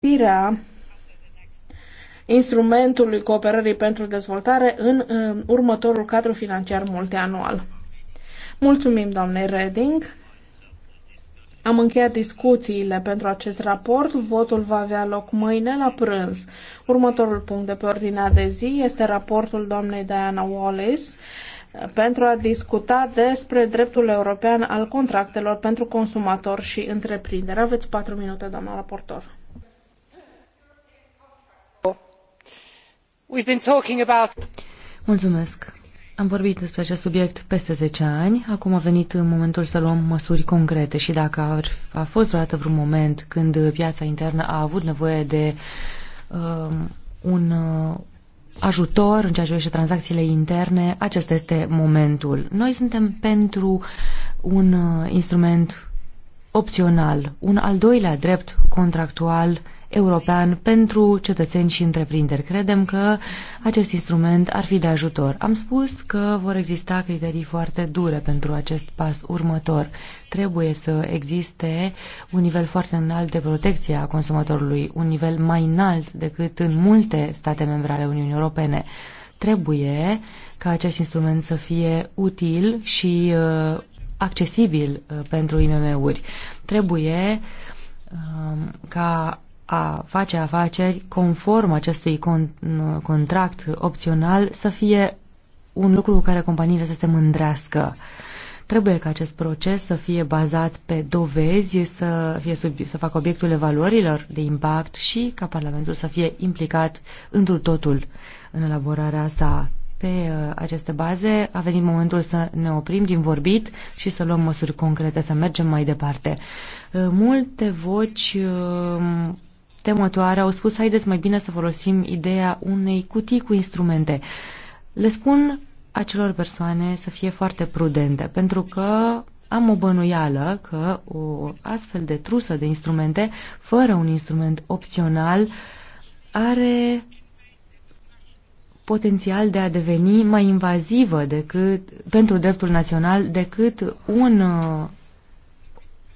folosirea instrumentului cooperării pentru dezvoltare în uh, următorul cadru financiar multianual. Mulțumim, doamnei Reding. Am încheiat discuțiile pentru acest raport. Votul va avea loc mâine la prânz. Următorul punct de pe ordinea de zi este raportul doamnei Diana Wallace pentru a discuta despre dreptul european al contractelor pentru consumator și întreprindere. Aveți patru minute, doamna raportor. Mulțumesc. Am vorbit despre acest subiect peste 10 ani, acum a venit momentul să luăm măsuri concrete și dacă ar, a fost vreodată vreun moment când piața internă a avut nevoie de uh, un uh, ajutor în ceea ce privește tranzacțiile interne, acesta este momentul. Noi suntem pentru un uh, instrument opțional, un al doilea drept contractual uh, european pentru cetățeni și întreprinderi. Credem că acest instrument ar fi de ajutor. Am spus că vor exista criterii foarte dure pentru acest pas următor. Trebuie să existe un nivel foarte înalt de protecție a consumatorului, un nivel mai înalt decât în multe state membre ale Uniunii Europene. Trebuie ca acest instrument să fie util și uh, accesibil uh, pentru IMM-uri. Trebuie uh, ca a face afaceri conform acestui con- contract opțional să fie un lucru cu care companiile să se mândrească. Trebuie ca acest proces să fie bazat pe dovezi, să, fie sub, să facă obiectul evaluărilor de impact și ca Parlamentul să fie implicat întru totul în elaborarea sa. Pe uh, aceste baze a venit momentul să ne oprim din vorbit și să luăm măsuri concrete, să mergem mai departe. Uh, multe voci uh, temătoare au spus haideți mai bine să folosim ideea unei cutii cu instrumente. Le spun acelor persoane să fie foarte prudente, pentru că am o bănuială că o astfel de trusă de instrumente, fără un instrument opțional, are potențial de a deveni mai invazivă decât, pentru dreptul național decât un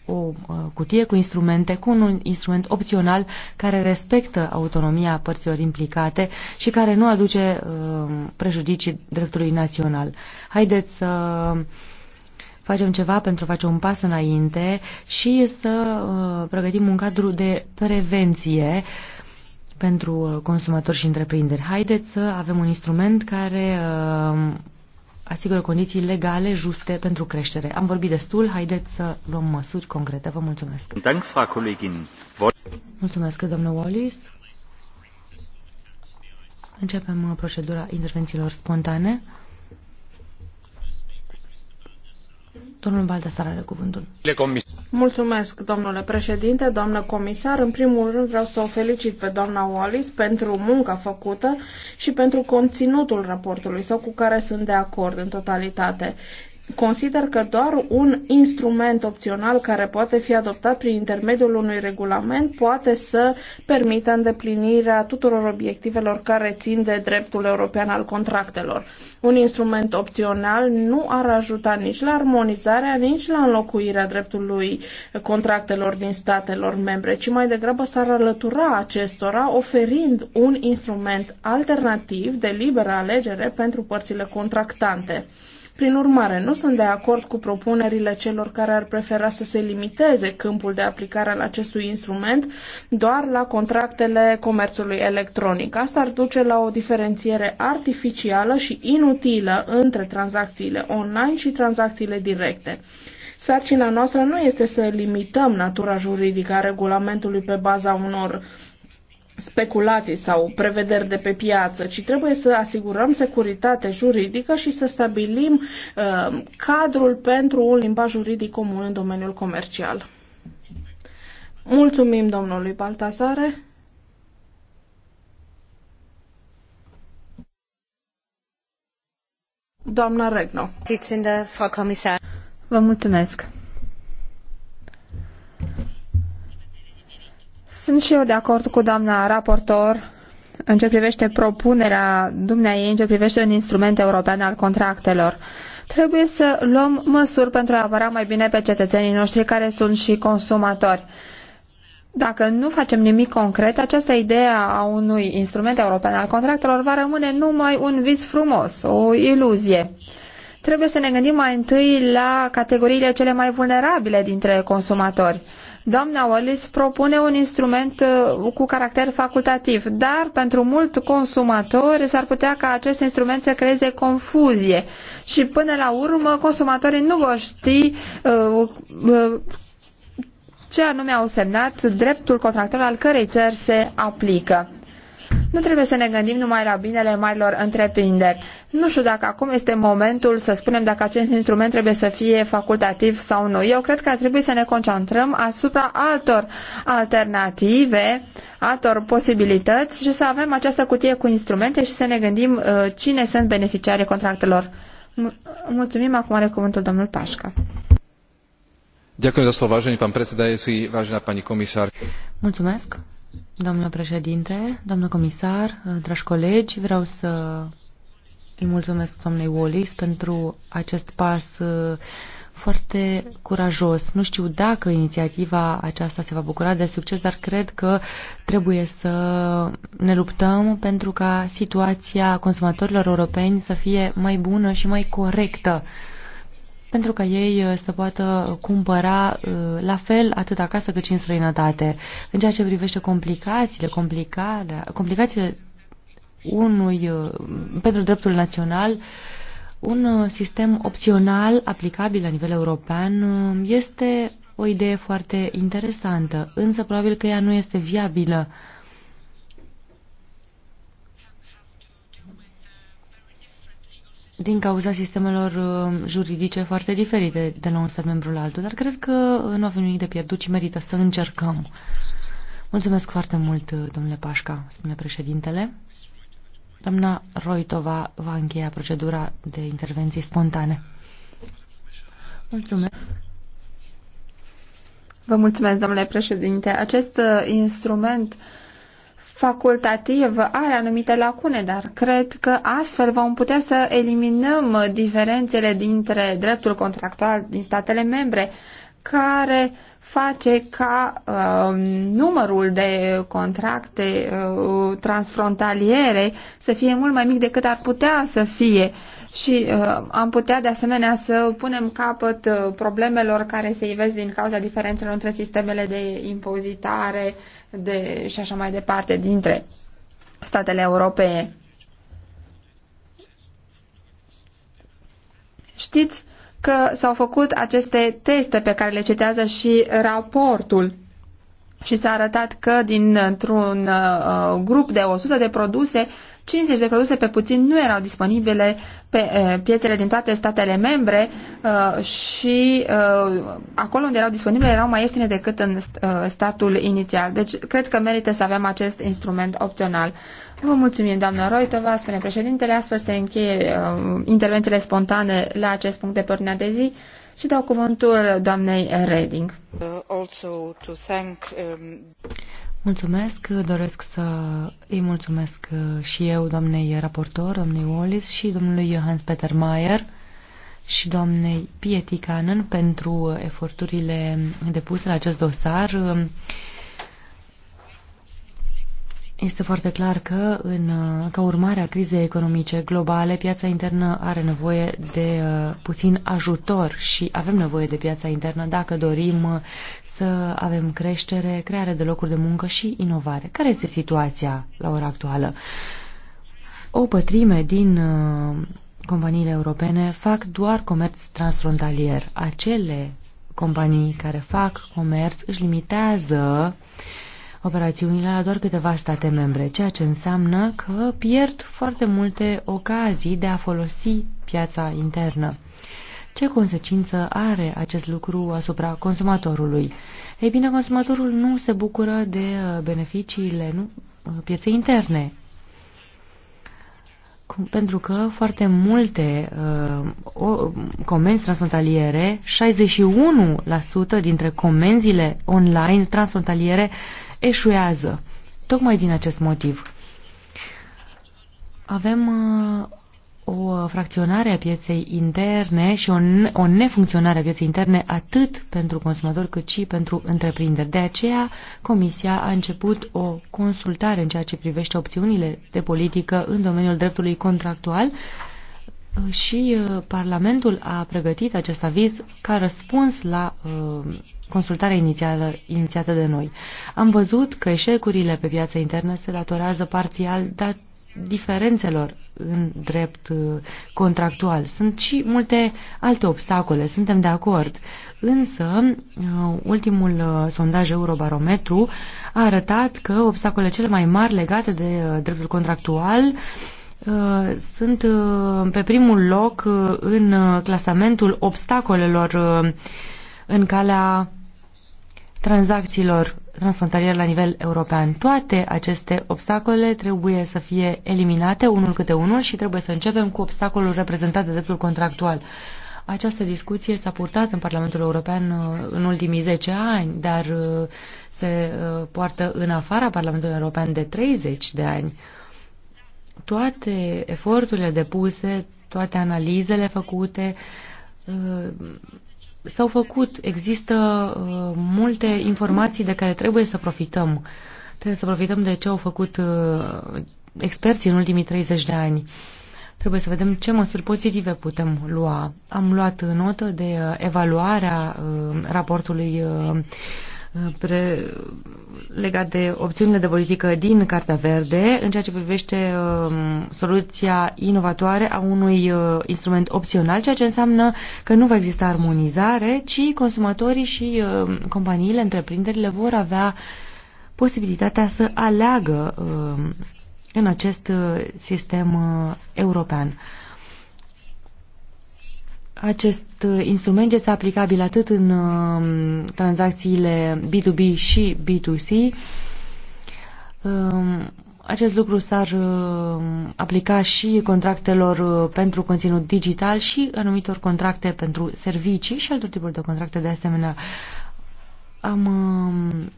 o uh, cutie cu instrumente, cu un instrument opțional care respectă autonomia părților implicate și care nu aduce uh, prejudicii dreptului național. Haideți să facem ceva pentru a face un pas înainte și să uh, pregătim un cadru de prevenție pentru consumatori și întreprinderi. Haideți să avem un instrument care asigură condiții legale, juste pentru creștere. Am vorbit destul, haideți să luăm măsuri concrete. Vă mulțumesc. Mulțumesc, domnul Wallis. Începem uh, procedura intervențiilor spontane. Domnul Baldasar are cuvântul. Mulțumesc, domnule președinte, doamnă comisar. În primul rând vreau să o felicit pe doamna Wallis pentru munca făcută și pentru conținutul raportului sau cu care sunt de acord în totalitate. Consider că doar un instrument opțional care poate fi adoptat prin intermediul unui regulament poate să permită îndeplinirea tuturor obiectivelor care țin de dreptul european al contractelor. Un instrument opțional nu ar ajuta nici la armonizarea, nici la înlocuirea dreptului contractelor din statelor membre, ci mai degrabă s-ar alătura acestora oferind un instrument alternativ de liberă alegere pentru părțile contractante. Prin urmare, nu sunt de acord cu propunerile celor care ar prefera să se limiteze câmpul de aplicare al acestui instrument doar la contractele comerțului electronic. Asta ar duce la o diferențiere artificială și inutilă între tranzacțiile online și tranzacțiile directe. Sarcina noastră nu este să limităm natura juridică a regulamentului pe baza unor speculații sau prevederi de pe piață, ci trebuie să asigurăm securitate juridică și să stabilim uh, cadrul pentru un limbaj juridic comun în domeniul comercial. Mulțumim domnului Baltasare. Doamna Regno. Vă mulțumesc. Sunt și eu de acord cu doamna raportor în ce privește propunerea dumneai, în ce privește un instrument european al contractelor. Trebuie să luăm măsuri pentru a apăra mai bine pe cetățenii noștri care sunt și consumatori. Dacă nu facem nimic concret, această idee a unui instrument european al contractelor va rămâne numai un vis frumos, o iluzie trebuie să ne gândim mai întâi la categoriile cele mai vulnerabile dintre consumatori. Doamna Wallis propune un instrument uh, cu caracter facultativ, dar pentru mult consumatori s-ar putea ca acest instrument să creeze confuzie și până la urmă consumatorii nu vor ști uh, uh, ce anume au semnat dreptul contractual al cărei țări se aplică. Nu trebuie să ne gândim numai la binele marilor întreprinderi. Nu știu dacă acum este momentul să spunem dacă acest instrument trebuie să fie facultativ sau nu. Eu cred că ar trebui să ne concentrăm asupra altor alternative, altor posibilități și să avem această cutie cu instrumente și să ne gândim uh, cine sunt beneficiarii contractelor. Mulțumim, acum are cuvântul domnul Pașca. Ďakujem za slovo, vážený pán predsedajúci, vážená pani komisár. Mulțumesc, Domnule președinte, domnule comisar, dragi colegi, vreau să îi mulțumesc doamnei Wallis pentru acest pas uh, foarte curajos. Nu știu dacă inițiativa aceasta se va bucura de succes, dar cred că trebuie să ne luptăm pentru ca situația consumatorilor europeni să fie mai bună și mai corectă pentru ca ei uh, să poată cumpăra uh, la fel atât acasă cât și în străinătate. În ceea ce privește complicațiile, complicarea, complicațiile unui, uh, pentru dreptul național, un sistem opțional aplicabil la nivel european este o idee foarte interesantă, însă probabil că ea nu este viabilă din cauza sistemelor uh, juridice foarte diferite de la un stat membru la altul, dar cred că uh, nu avem nimic de pierdut și merită să încercăm. Mulțumesc foarte mult, uh, domnule Pașca, spune președintele. Doamna Roitova va încheia procedura de intervenții spontane. Mulțumesc. Vă mulțumesc, domnule președinte. Acest instrument uh, facultativ are anumite lacune, dar cred că astfel vom putea să eliminăm diferențele dintre dreptul contractual din statele membre, care face ca uh, numărul de contracte uh, transfrontaliere să fie mult mai mic decât ar putea să fie și uh, am putea de asemenea să punem capăt uh, problemelor care se ivesc din cauza diferențelor între sistemele de impozitare, de, și așa mai departe dintre statele europene. Știți că s-au făcut aceste teste pe care le citează și raportul și s-a arătat că dintr-un uh, grup de 100 de produse 50 de produse pe puțin nu erau disponibile pe eh, piețele din toate statele membre eh, și eh, acolo unde erau disponibile erau mai ieftine decât în statul inițial. Deci cred că merită să avem acest instrument opțional. Vă mulțumim, doamna Roitova, spune președintele. Astfel se încheie uh, intervențiile spontane la acest punct de pornire de zi și dau cuvântul doamnei Reding. Uh, um, Mulțumesc, doresc să îi mulțumesc uh, și eu, doamnei raportor, doamnei Wallis și domnului Johannes peter Mayer și doamnei Pietikanen pentru eforturile depuse la acest dosar. Este foarte clar că, în, ca urmare a crizei economice globale, piața internă are nevoie de uh, puțin ajutor și avem nevoie de piața internă dacă dorim uh, să avem creștere, creare de locuri de muncă și inovare. Care este situația la ora actuală? O pătrime din uh, companiile europene fac doar comerț transfrontalier. Acele companii care fac comerț își limitează uh, operațiunile la doar câteva state membre, ceea ce înseamnă că pierd foarte multe ocazii de a folosi piața internă. Ce consecință are acest lucru asupra consumatorului? Ei bine, consumatorul nu se bucură de uh, beneficiile nu, uh, pieței interne, pentru că foarte multe uh, comenzi transfrontaliere, 61% dintre comenzile online transfrontaliere eșuează. Tocmai din acest motiv. Avem uh, o fracționare a pieței interne și o, o nefuncționare a pieței interne atât pentru consumatori cât și pentru întreprinderi. De aceea, Comisia a început o consultare în ceea ce privește opțiunile de politică în domeniul dreptului contractual și uh, Parlamentul a pregătit acest aviz ca răspuns la uh, consultarea inițială inițiată de noi. Am văzut că eșecurile pe piața internă se datorează parțial dat diferențelor în drept uh, contractual. Sunt și multe alte obstacole, suntem de acord. Însă, uh, ultimul uh, sondaj Eurobarometru a arătat că obstacolele cele mai mari legate de dreptul contractual sunt pe primul loc în clasamentul obstacolelor în calea tranzacțiilor transfrontaliere la nivel european. Toate aceste obstacole trebuie să fie eliminate unul câte unul și trebuie să începem cu obstacolul reprezentat de dreptul contractual. Această discuție s-a purtat în Parlamentul European uh, în ultimii 10 ani, dar uh, se uh, poartă în afara Parlamentului European de 30 de ani. Toate eforturile depuse, toate analizele făcute, s-au făcut, există uh, multe informații de care trebuie să profităm. Trebuie să profităm de ce au făcut uh, experții în ultimii 30 de ani. Trebuie să vedem ce măsuri pozitive putem lua. Am luat notă de uh, evaluarea uh, raportului uh, pre, legat de opțiunile de politică din Cartea Verde în ceea ce privește um, soluția inovatoare a unui uh, instrument opțional, ceea ce înseamnă că nu va exista armonizare, ci consumatorii și um, companiile, întreprinderile vor avea posibilitatea să aleagă um, în acest uh, sistem uh, european. Acest uh, instrument este aplicabil atât în uh, tranzacțiile B2B și B2C. Um, acest lucru s-ar uh, aplica și contractelor pentru conținut digital și anumitor contracte pentru servicii și altor tipuri de contracte de asemenea. Am um,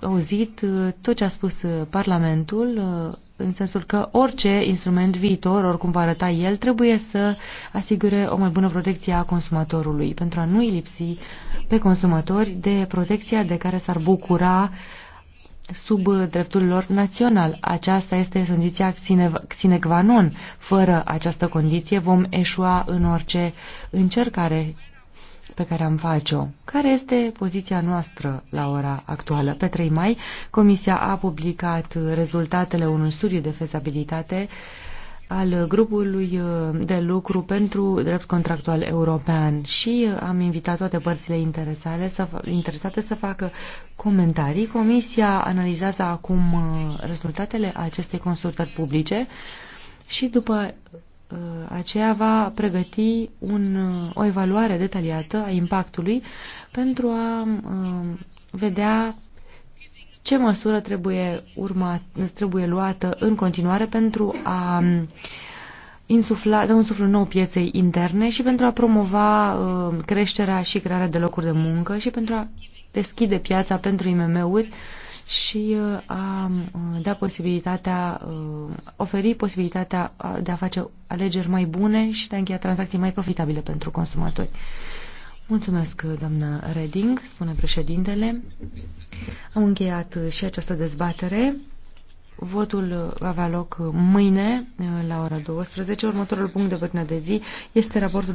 auzit uh, tot ce a spus uh, Parlamentul uh, în sensul că orice instrument viitor, oricum va arăta el, trebuie să asigure o mai bună protecție a consumatorului, pentru a nu-i lipsi pe consumatori de protecția de care s-ar bucura sub dreptul lor național. Aceasta este condiția sine qua non. Fără această condiție vom eșua în orice încercare pe care am face-o. Care este poziția noastră la ora actuală? Pe 3 mai, Comisia a publicat rezultatele unui studiu de fezabilitate al grupului uh, de lucru pentru drept contractual european și uh, am invitat toate părțile interesate să, interesate să facă comentarii. Comisia analizează acum uh, rezultatele acestei consultări publice și după Uh, aceea va pregăti un, uh, o evaluare detaliată a impactului pentru a uh, vedea ce măsură trebuie, urmat, trebuie luată în continuare pentru a um, insufla, da un suflu nou pieței interne și pentru a promova creșterea și crearea de locuri de muncă și pentru a deschide piața pentru IMM-uri uh, și uh, a uh, da posibilitatea, uh, oferi posibilitatea de a face alegeri mai bune și de a încheia tranzacții mai profitabile pentru consumatori. Mulțumesc, doamnă Reding, spune președintele. Am încheiat și această dezbatere. Votul va avea loc mâine la ora 12. Următorul punct de ordine de zi este raportul